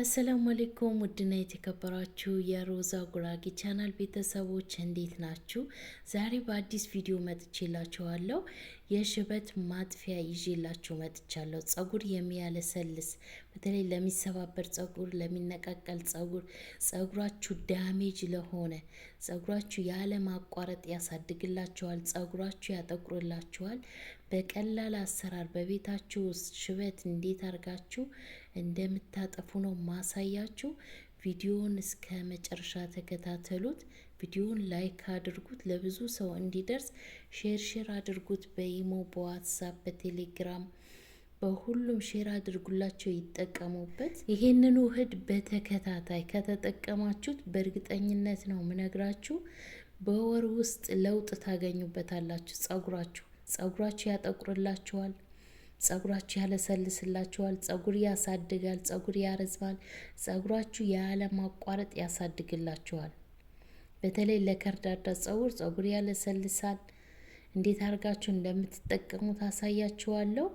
አሰላሙ አሌይኩም ውድና የተከበራችሁ የሮዛ ጉራጌ ቻናል ቤተሰቦች እንዴት ናችሁ? ዛሬ በአዲስ ቪዲዮ መጥቼላችኋለሁ። የሽበት ማጥፊያ ይዤላችሁ መጥቻለሁ። ጸጉር የሚያለሰልስ በተለይ ለሚሰባበር ጸጉር፣ ለሚነቃቀል ጸጉር፣ ጸጉራችሁ ዳሜጅ ለሆነ ጸጉራችሁ ያለ ማቋረጥ ያሳድግላችኋል፣ ጸጉራችሁ ያጠቁርላችኋል። በቀላል አሰራር በቤታችሁ ውስጥ ሽበት እንዴት አድርጋችሁ እንደምታጠፉ ነው ማሳያችሁ። ቪዲዮውን እስከ መጨረሻ ተከታተሉት። ቪዲዮውን ላይክ አድርጉት፣ ለብዙ ሰው እንዲደርስ ሼር ሼር አድርጉት። በኢሞ፣ በዋትሳፕ፣ በቴሌግራም በሁሉም ሼር አድርጉላቸው ይጠቀሙበት። ይሄንን ውህድ በተከታታይ ከተጠቀማችሁት በእርግጠኝነት ነው ምነግራችሁ በወር ውስጥ ለውጥ ታገኙበታላችሁ። ጸጉራችሁ ጸጉራችሁ ያጠቁርላችኋል፣ ጸጉራችሁ ያለሰልስላችኋል፣ ጸጉር ያሳድጋል፣ ጸጉር ያረዝማል፣ ጸጉራችሁ ያለማቋረጥ ያሳድግላችኋል። በተለይ ለከርዳዳ ጸጉር ጸጉር ያለሰልሳል። እንዴት አድርጋችሁ እንደምትጠቀሙ ታሳያችኋለሁ።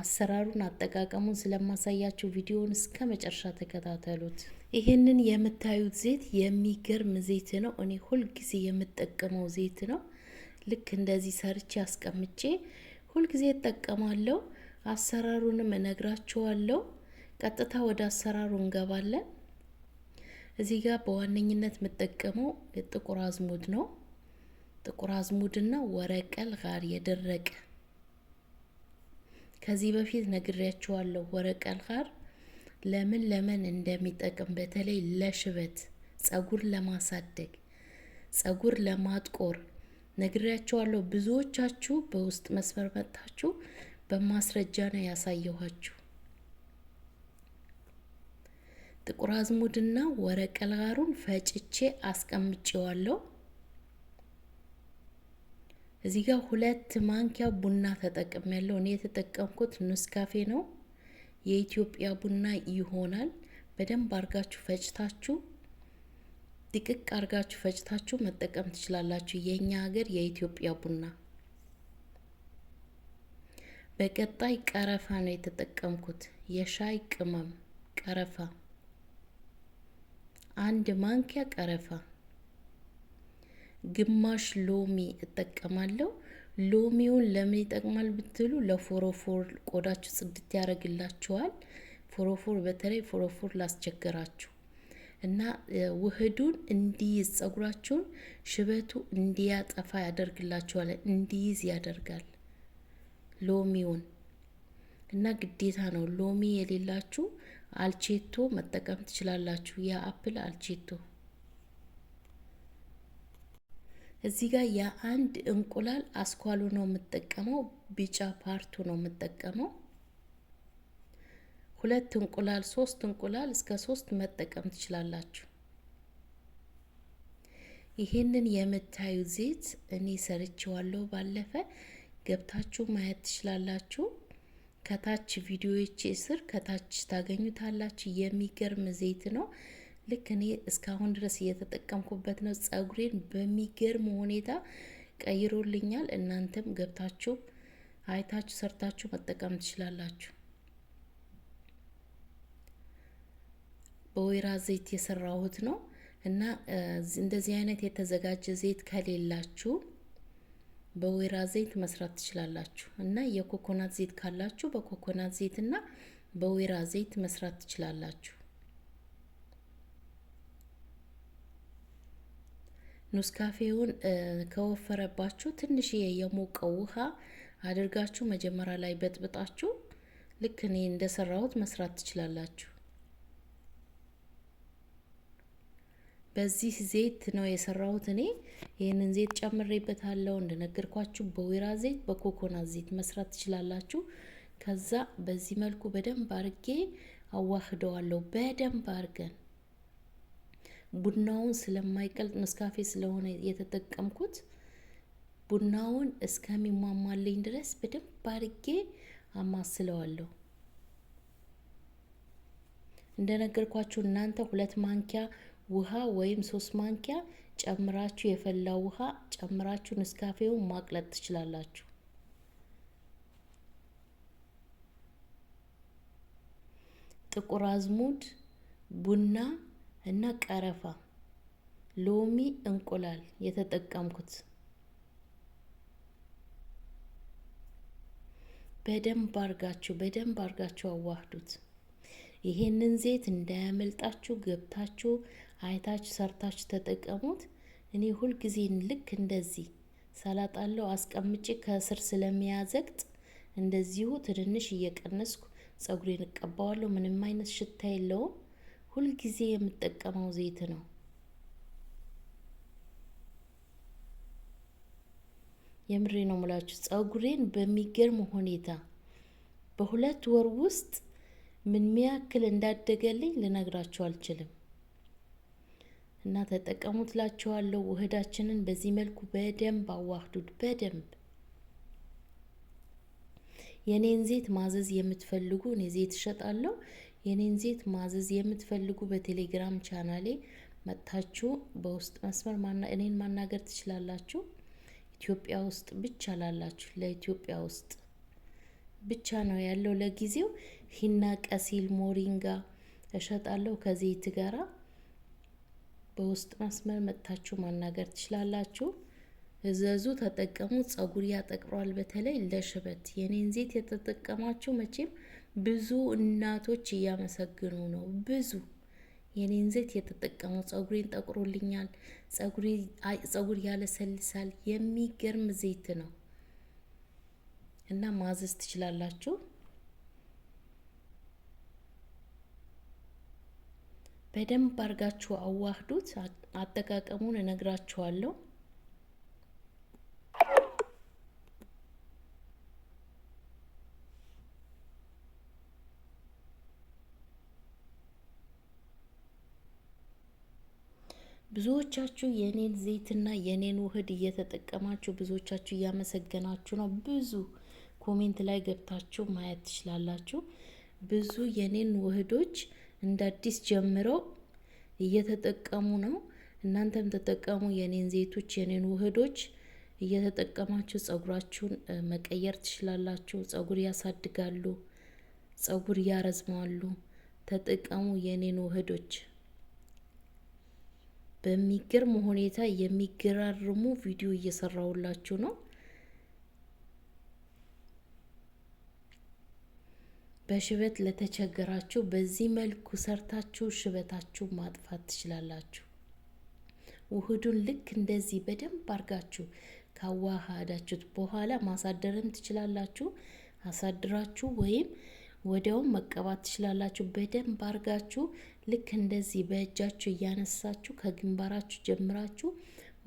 አሰራሩን አጠቃቀሙን ስለማሳያችሁ ቪዲዮውን እስከ መጨረሻ ተከታተሉት። ይህንን የምታዩት ዘይት የሚገርም ዘይት ነው። እኔ ሁልጊዜ የምጠቀመው ዘይት ነው። ልክ እንደዚህ ሰርቼ አስቀምጬ ሁልጊዜ እጠቀማለሁ። አሰራሩንም እነግራችኋለሁ። ቀጥታ ወደ አሰራሩ እንገባለን። እዚህ ጋር በዋነኝነት የምጠቀመው ጥቁር አዝሙድ ነው። ጥቁር አዝሙድና ወረቀል ጋር የደረቀ ከዚህ በፊት ነግሬያችኋለሁ። ወረቀል ጋር ለምን ለምን እንደሚጠቅም በተለይ ለሽበት፣ ጸጉር ለማሳደግ፣ ጸጉር ለማጥቆር ነግሬያቸዋለሁ። ብዙዎቻችሁ በውስጥ መስመር መጥታችሁ በማስረጃ ነው ያሳየኋችሁ። ጥቁር አዝሙድና ወረቀላሩን ፈጭቼ አስቀምጬዋለሁ። እዚህ ጋር ሁለት ማንኪያ ቡና ተጠቅም ያለው እኔ የተጠቀምኩት ኑስካፌ ነው። የኢትዮጵያ ቡና ይሆናል። በደንብ አድርጋችሁ ፈጭታችሁ ድቅቅ አርጋችሁ ፈጭታችሁ መጠቀም ትችላላችሁ። የእኛ ሀገር የኢትዮጵያ ቡና። በቀጣይ ቀረፋ ነው የተጠቀምኩት። የሻይ ቅመም ቀረፋ፣ አንድ ማንኪያ ቀረፋ፣ ግማሽ ሎሚ እጠቀማለሁ። ሎሚውን ለምን ይጠቅማል ብትሉ ለፎሮፎር ቆዳችሁ ጽድት ያደርግላችኋል። ፎሮፎር፣ በተለይ ፎሮፎር ላስቸገራችሁ እና ውህዱን እንዲይዝ ጸጉራችሁን ሽበቱ እንዲያጠፋ ያደርግላችኋል። እንዲይዝ ያደርጋል ሎሚውን እና ግዴታ ነው። ሎሚ የሌላችሁ አልቼቶ መጠቀም ትችላላችሁ። የአፕል አልቼቶ እዚህ ጋር የአንድ እንቁላል አስኳሉ ነው የምጠቀመው፣ ቢጫ ፓርቱ ነው የምጠቀመው። ሁለት እንቁላል፣ ሶስት እንቁላል እስከ ሶስት መጠቀም ትችላላችሁ። ይሄንን የምታዩ ዜት እኔ ሰርችዋለሁ። ባለፈ ገብታችሁ ማየት ትችላላችሁ። ከታች ቪዲዮዎች ስር ከታች ታገኙታላችሁ። የሚገርም ዜት ነው። ልክ እኔ እስካሁን ድረስ እየተጠቀምኩበት ነው። ጸጉሬን በሚገርም ሁኔታ ቀይሮልኛል። እናንተም ገብታችሁ አይታችሁ ሰርታችሁ መጠቀም ትችላላችሁ። በወይራ ዘይት የሰራሁት ነው እና እንደዚህ አይነት የተዘጋጀ ዘይት ከሌላችሁ በወይራ ዘይት መስራት ትችላላችሁ እና የኮኮናት ዘይት ካላችሁ በኮኮናት ዘይት እና በወይራ ዘይት መስራት ትችላላችሁ። ኑስካፌውን ከወፈረባችሁ ትንሽዬ የሞቀ ውሃ አድርጋችሁ መጀመሪያ ላይ በጥብጣችሁ ልክ እኔ እንደሰራሁት መስራት ትችላላችሁ። በዚህ ዜት ነው የሰራሁት እኔ። ይህንን ዜት ጨምሬበታለሁ። እንደነገርኳችሁ በወይራ ዘይት፣ በኮኮና ዜት መስራት ትችላላችሁ። ከዛ በዚህ መልኩ በደንብ አርጌ አዋህደዋለሁ። በደንብ አርገን ቡናውን ስለማይቀልጥ መስካፌ ስለሆነ የተጠቀምኩት ቡናውን እስከሚሟሟልኝ ድረስ በደንብ አርጌ አማስለዋለሁ። እንደነገርኳችሁ እናንተ ሁለት ማንኪያ ውሃ ወይም ሶስት ማንኪያ ጨምራችሁ የፈላ ውሃ ጨምራችሁ ንስካፌውን ማቅለጥ ትችላላችሁ። ጥቁር አዝሙድ፣ ቡና እና ቀረፋ፣ ሎሚ፣ እንቁላል የተጠቀምኩት በደንብ አርጋችሁ በደንብ አርጋችሁ አዋህዱት። ይሄንን ዘይት እንዳያመልጣችሁ ገብታችሁ አይታች ሰርታችሁ ተጠቀሙት። እኔ ሁልጊዜ ልክ እንደዚህ ሰላጣለው አስቀምጬ ከስር ስለሚያዘግጥ እንደዚሁ ትንንሽ እየቀነስኩ ጸጉሬን እቀባዋለሁ። ምንም አይነት ሽታ የለውም። ሁልጊዜ የምጠቀመው ዘይት ነው። የምሬ ነው ሙላችሁ ጸጉሬን በሚገርም ሁኔታ በሁለት ወር ውስጥ ምን ሚያክል እንዳደገልኝ ልነግራችሁ አልችልም። እና ተጠቀሙት ላችኋለሁ። ውህዳችንን በዚህ መልኩ በደንብ አዋህዱት። በደንብ የኔን ዜት ማዘዝ የምትፈልጉ እኔ ዜት እሸጣለሁ። የኔን ዜት ማዘዝ የምትፈልጉ በቴሌግራም ቻናሌ መጥታችሁ በውስጥ መስመር እኔን ማናገር ትችላላችሁ። ኢትዮጵያ ውስጥ ብቻ ላላችሁ ለኢትዮጵያ ውስጥ ብቻ ነው ያለው ለጊዜው ሂና፣ ቀሲል፣ ሞሪንጋ እሸጣለሁ ከዜት ጋራ በውስጥ መስመር መጥታችሁ ማናገር ትችላላችሁ። እዘዙ፣ ተጠቀሙ። ጸጉር ያጠቅሯል። በተለይ ለሽበት የኔን ዜት የተጠቀማችሁ መቼም ብዙ እናቶች እያመሰግኑ ነው። ብዙ የኔን ዜት የተጠቀሙ ጸጉሬን ጠቁሮልኛል፣ ጸጉር ያለሰልሳል። የሚገርም ዜት ነው እና ማዘዝ ትችላላችሁ። በደንብ አድርጋችሁ አዋህዱት። አጠቃቀሙን እነግራችኋለሁ። ብዙዎቻችሁ የኔን ዘይትና የኔን ውህድ እየተጠቀማችሁ ብዙዎቻችሁ እያመሰገናችሁ ነው። ብዙ ኮሜንት ላይ ገብታችሁ ማየት ትችላላችሁ። ብዙ የኔን ውህዶች እንደ አዲስ ጀምረው እየተጠቀሙ ነው። እናንተም ተጠቀሙ። የኔን ዘይቶች፣ የኔን ውህዶች እየተጠቀማችሁ ጸጉራችሁን መቀየር ትችላላችሁ። ጸጉር ያሳድጋሉ፣ ጸጉር ያረዝማሉ። ተጠቀሙ የኔን ውህዶች። በሚገርም ሁኔታ የሚገራርሙ ቪዲዮ እየሰራሁላችሁ ነው። በሽበት ለተቸገራችሁ በዚህ መልኩ ሰርታችሁ ሽበታችሁ ማጥፋት ትችላላችሁ። ውህዱን ልክ እንደዚህ በደንብ አድርጋችሁ ካዋሃዳችሁት በኋላ ማሳደርም ትችላላችሁ። አሳድራችሁ ወይም ወዲያውም መቀባት ትችላላችሁ። በደንብ አድርጋችሁ ልክ እንደዚህ በእጃችሁ እያነሳችሁ ከግንባራችሁ ጀምራችሁ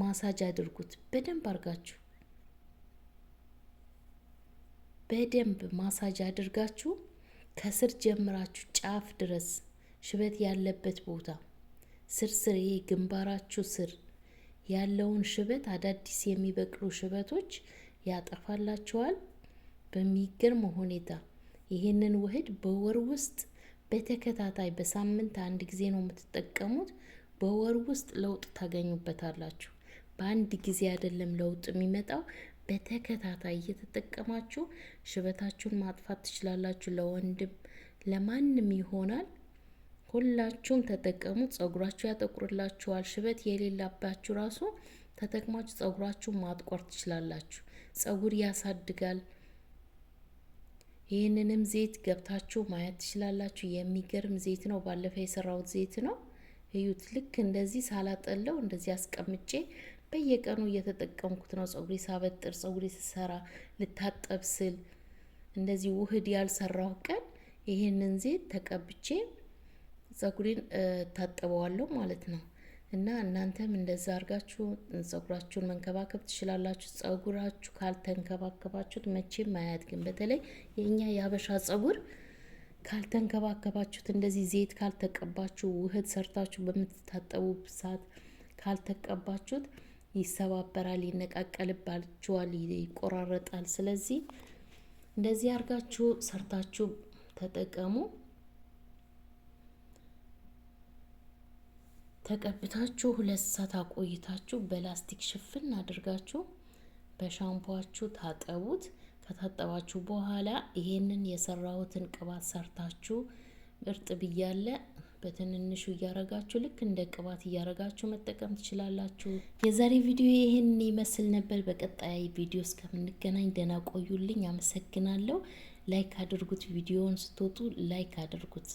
ማሳጅ አድርጉት። በደንብ አድርጋችሁ በደንብ ማሳጅ አድርጋችሁ ከስር ጀምራችሁ ጫፍ ድረስ ሽበት ያለበት ቦታ ስር ስር ይሄ ግንባራችሁ ስር ያለውን ሽበት አዳዲስ የሚበቅሉ ሽበቶች ያጠፋላችኋል። በሚገርም ሁኔታ ይህንን ውህድ በወር ውስጥ በተከታታይ በሳምንት አንድ ጊዜ ነው የምትጠቀሙት። በወር ውስጥ ለውጥ ታገኙበታላችሁ። በአንድ ጊዜ አይደለም ለውጥ የሚመጣው በተከታታይ እየተጠቀማችሁ ሽበታችሁን ማጥፋት ትችላላችሁ። ለወንድም ለማንም ይሆናል። ሁላችሁም ተጠቀሙ ጸጉራችሁ ያጠቁርላችኋል። ሽበት የሌላባችሁ ራሱ ተጠቅማችሁ ጸጉራችሁን ማጥቆር ትችላላችሁ። ጸጉር ያሳድጋል። ይህንንም ዘይት ገብታችሁ ማየት ትችላላችሁ። የሚገርም ዘይት ነው። ባለፈው የሰራሁት ዘይት ነው። እዩት። ልክ እንደዚህ ሳላጠለው እንደዚህ አስቀምጬ በየቀኑ እየተጠቀምኩት ነው። ጸጉሪ ሳበጥር፣ ጸጉሪ ስሰራ፣ ልታጠብ ስል እንደዚህ ውህድ ያልሰራሁ ቀን ይሄንን ዜት ተቀብቼ ጸጉሬን ታጠበዋለሁ ማለት ነው። እና እናንተም እንደዛ አድርጋችሁ ጸጉራችሁን መንከባከብ ትችላላችሁ። ጸጉራችሁ ካልተንከባከባችሁት መቼም አያድግም። በተለይ የእኛ የሀበሻ ጸጉር ካልተንከባከባችሁት፣ እንደዚህ ዜት ካልተቀባችሁ፣ ውህድ ሰርታችሁ በምትታጠቡ ሰዓት ካልተቀባችሁት ይሰባበራል፣ ይነቃቀልባችኋል፣ ይቆራረጣል። ስለዚህ እንደዚህ አድርጋችሁ ሰርታችሁ ተጠቀሙ። ተቀብታችሁ ሁለት ሰዓት አቆይታችሁ በላስቲክ ሽፍን አድርጋችሁ በሻምፖችሁ ታጠቡት። ከታጠባችሁ በኋላ ይሄንን የሰራሁትን ቅባት ሰርታችሁ እርጥብ እያለ በትንንሹ እያረጋችሁ ልክ እንደ ቅባት እያረጋችሁ መጠቀም ትችላላችሁ። የዛሬ ቪዲዮ ይህን ይመስል ነበር። በቀጣይ ቪዲዮ እስከምንገናኝ ደህና ቆዩልኝ። አመሰግናለሁ። ላይክ አድርጉት። ቪዲዮውን ስትወጡ ላይክ አድርጉት።